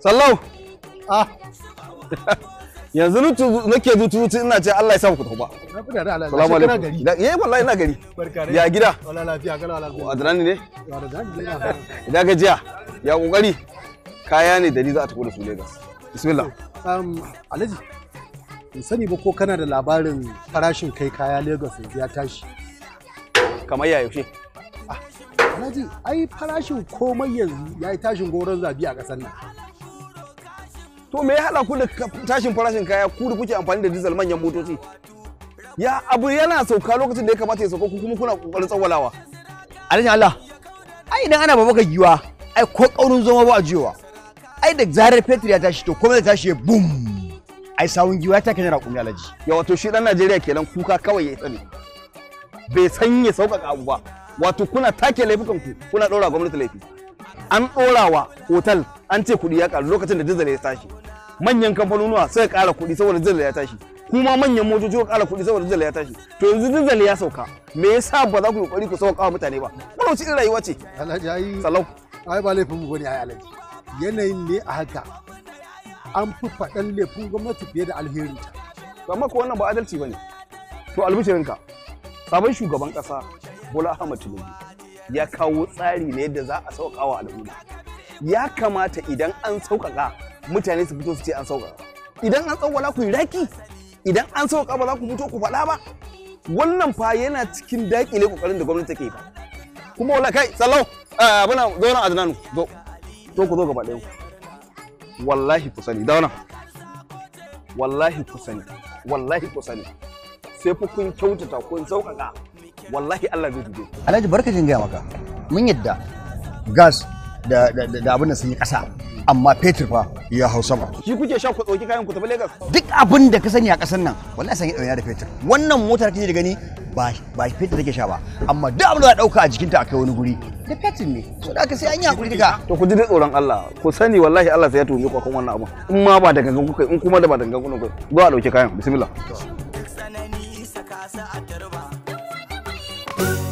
sallau ah. yanzu nutu nake zutu zutu ina ce Allah ya sa ku tauba salamu alaikum eh wallahi ina gari ya gida wallahi lafiya kana lafiya adrani ne ina gajiya ya kokari kaya ne da ni za a tafi da su Lagos bismillah um alhaji in sani ba ko kana da labarin farashin kai kaya Lagos ya tashi kamar ya yaushe alhaji ai farashin komai yanzu ya yi tashin goron zabi a ƙasar nan to me ya hala ku da tashin farashin kaya ku da kuke amfani da dizal manyan motoci ya abu yana sauka lokacin da ya kamata ya sauka ku kuma kuna ƙoƙarin tsawalawa alhaji Allah ai idan ana babaka giwa ai ko ƙaurin zoma ba a jiyowa ai da zarar fetur ya tashi to komai da tashi ya bum ai sawun giwa ya take na raƙumi alhaji ya wato shi ɗan Najeriya kenan kuka kawai ya tsane bai san ya sauƙaƙa abu ba wato kuna take laifukanku kuna ɗora gwamnati laifi an ɗorawa wa hotel an ce kuɗi ya ƙaru lokacin da dizal ya tashi manyan kamfanonuwa sai ƙara kuɗi saboda dizal ya tashi kuma manyan motoci ko ƙara kuɗi saboda dizal ya tashi to yanzu dizal ya sauka me yasa ba za ku kokari ku sauka wa mutane ba wannan wace irin rayuwa ce alhaji ai salau ai ba laifin mu bane ai alhaji yanayin ne a haka an fi faɗan laifin gwamnati fiye da alherin ta amma ko wannan ba adalci bane to albishirinka sabon shugaban ƙasa Bola Ahmad Tinubu ya kawo tsari ne yadda za a wa al'umma ya kamata idan an sauƙaƙa mutane su fito su ce an sauƙaƙa idan an tsawo ku yi raki idan an sauƙa ba za ku fito ku faɗa ba wannan fa yana cikin ne kokarin da gwamnati take fa kuma wala kai sallau eh, abuna a adnanu zo to ku zo gaba ɗaya wallahi ku sani dauna wallahi ku sani wallahi ku sani sai fa kun kyautata kun sauƙaƙa wallahi Allah zai dube Alhaji barka jin gaya maka mun yadda gas da da abin da sun yi ƙasa amma fetur fa ya hau sama shi kuke sha ku dauki kayan ku tafi Lagos duk abin da ka sani a ƙasar nan wallahi san dauya da fetur wannan motar kake da gani ba ba fetur take sha ba amma duk abin da za dauka a jikinta akai wani guri da fetur ne to da ka sai an yi hakuri daga. to ku ji da tsoron Allah ku sani wallahi Allah sai ya tumi ku akan wannan abu in ma ba da gangan ku kai in kuma da ba da gangan ku ne ku zo a dauki kayan bismillah sanani saka sa a tarba Bye.